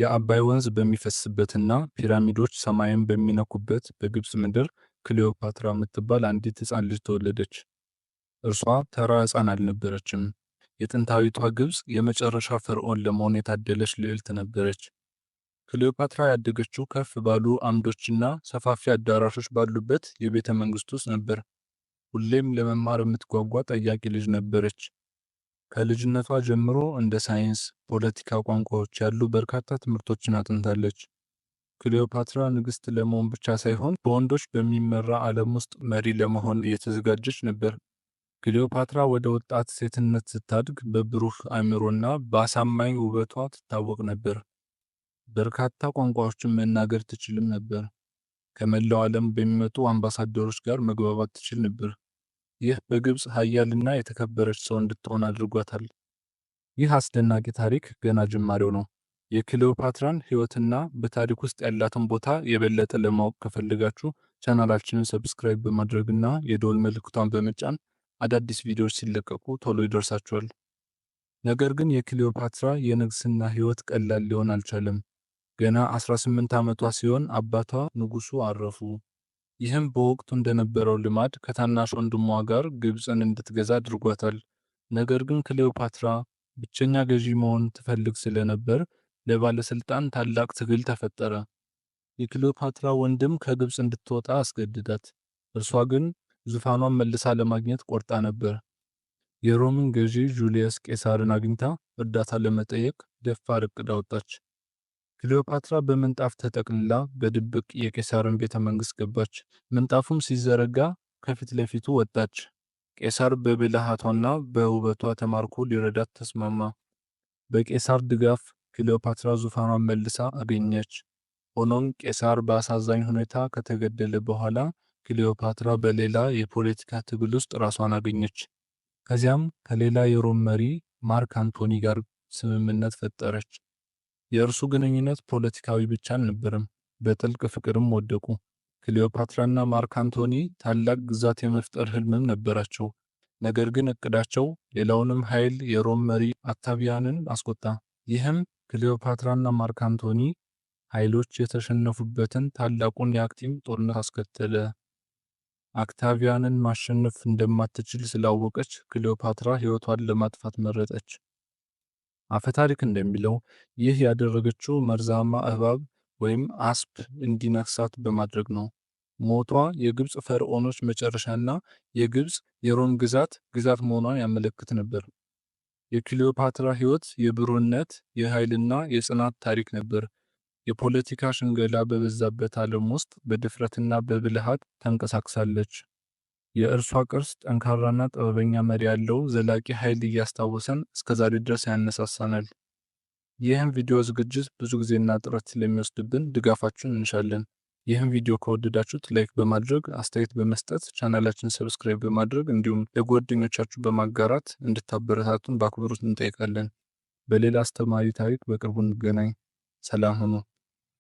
የአባይ ወንዝ በሚፈስበትና ፒራሚዶች ሰማይን በሚነኩበት በግብፅ ምድር ክሊዮፓትራ የምትባል አንዲት ሕፃን ልጅ ተወለደች። እርሷ ተራ ሕፃን አልነበረችም። የጥንታዊቷ ግብፅ የመጨረሻ ፈርዖን ለመሆን የታደለች ልዕልት ነበረች። ክሊዮፓትራ ያደገችው ከፍ ባሉ አምዶችና ሰፋፊ አዳራሾች ባሉበት የቤተ መንግስት ውስጥ ነበር። ሁሌም ለመማር የምትጓጓ ጠያቂ ልጅ ነበረች። ከልጅነቷ ጀምሮ እንደ ሳይንስ፣ ፖለቲካ፣ ቋንቋዎች ያሉ በርካታ ትምህርቶችን አጥንታለች። ክሊዮፓትራ ንግስት ለመሆን ብቻ ሳይሆን በወንዶች በሚመራ ዓለም ውስጥ መሪ ለመሆን እየተዘጋጀች ነበር። ክሊዮፓትራ ወደ ወጣት ሴትነት ስታድግ በብሩህ አእምሮና በአሳማኝ ውበቷ ትታወቅ ነበር። በርካታ ቋንቋዎችን መናገር ትችልም ነበር። ከመላው ዓለም በሚመጡ አምባሳደሮች ጋር መግባባት ትችል ነበር። ይህ በግብፅ ኃያልና የተከበረች ሰው እንድትሆን አድርጓታል። ይህ አስደናቂ ታሪክ ገና ጅማሬው ነው። የክሊዮፓትራን ሕይወትና በታሪክ ውስጥ ያላትን ቦታ የበለጠ ለማወቅ ከፈልጋችሁ ቻናላችንን ሰብስክራይብ በማድረግና የደወል ምልክቷን በመጫን አዳዲስ ቪዲዮዎች ሲለቀቁ ቶሎ ይደርሳችኋል። ነገር ግን የክሊዮፓትራ የንግስና ሕይወት ቀላል ሊሆን አልቻለም። ገና 18 ዓመቷ ሲሆን አባቷ ንጉሱ አረፉ። ይህም በወቅቱ እንደነበረው ልማድ ከታናሽ ወንድሟ ጋር ግብፅን እንድትገዛ አድርጓታል። ነገር ግን ክሌዮፓትራ ብቸኛ ገዢ መሆን ትፈልግ ስለነበር ለባለሥልጣን ታላቅ ትግል ተፈጠረ። የክሌዮፓትራ ወንድም ከግብፅ እንድትወጣ አስገድዳት። እርሷ ግን ዙፋኗን መልሳ ለማግኘት ቆርጣ ነበር። የሮምን ገዢ ጁልየስ ቄሳርን አግኝታ እርዳታ ለመጠየቅ ደፋር እቅድ አወጣች። ክሊዮፓትራ በምንጣፍ ተጠቅልላ በድብቅ የቄሳርን ቤተ መንግሥት ገባች። ምንጣፉም ሲዘረጋ ከፊት ለፊቱ ወጣች። ቄሳር በብልሃቷና በውበቷ ተማርኮ ሊረዳት ተስማማ። በቄሳር ድጋፍ ክሊዮፓትራ ዙፋኗን መልሳ አገኘች። ሆኖም ቄሳር በአሳዛኝ ሁኔታ ከተገደለ በኋላ ክሊዮፓትራ በሌላ የፖለቲካ ትግል ውስጥ ራሷን አገኘች። ከዚያም ከሌላ የሮም መሪ ማርክ አንቶኒ ጋር ስምምነት ፈጠረች። የእርሱ ግንኙነት ፖለቲካዊ ብቻ አልነበረም፣ በጥልቅ ፍቅርም ወደቁ። ክሊዮፓትራና ማርክ አንቶኒ ታላቅ ግዛት የመፍጠር ህልምም ነበራቸው። ነገር ግን እቅዳቸው ሌላውንም ኃይል የሮም መሪ አታቪያንን አስቆጣ። ይህም ክሊዮፓትራና ማርክ አንቶኒ ኃይሎች የተሸነፉበትን ታላቁን የአክቲም ጦርነት አስከተለ። አክታቪያንን ማሸነፍ እንደማትችል ስላወቀች ክሊዮፓትራ ሕይወቷን ለማጥፋት መረጠች። አፈታሪክ እንደሚለው ይህ ያደረገችው መርዛማ እባብ ወይም አስፕ እንዲነክሳት በማድረግ ነው። ሞቷ የግብፅ ፈርዖኖች መጨረሻና የግብፅ የሮም ግዛት ግዛት መሆኗን ያመለክት ነበር። የክሊዮፓትራ ሕይወት የብሩህነት የኃይልና የጽናት ታሪክ ነበር። የፖለቲካ ሽንገላ በበዛበት ዓለም ውስጥ በድፍረትና በብልሃት ተንቀሳቅሳለች። የእርሷ ቅርስ ጠንካራና ጥበበኛ መሪ ያለው ዘላቂ ኃይል እያስታወሰን እስከዛሬ ድረስ ያነሳሳናል። ይህም ቪዲዮ ዝግጅት ብዙ ጊዜና ጥረት ስለሚወስድብን ድጋፋችሁን እንሻለን። ይህም ቪዲዮ ከወደዳችሁት ላይክ በማድረግ አስተያየት በመስጠት ቻናላችን ሰብስክራይብ በማድረግ እንዲሁም ለጓደኞቻችሁ በማጋራት እንድታበረታቱን በአክብሮት እንጠይቃለን። በሌላ አስተማሪ ታሪክ በቅርቡ እንገናኝ። ሰላም ሁኑ።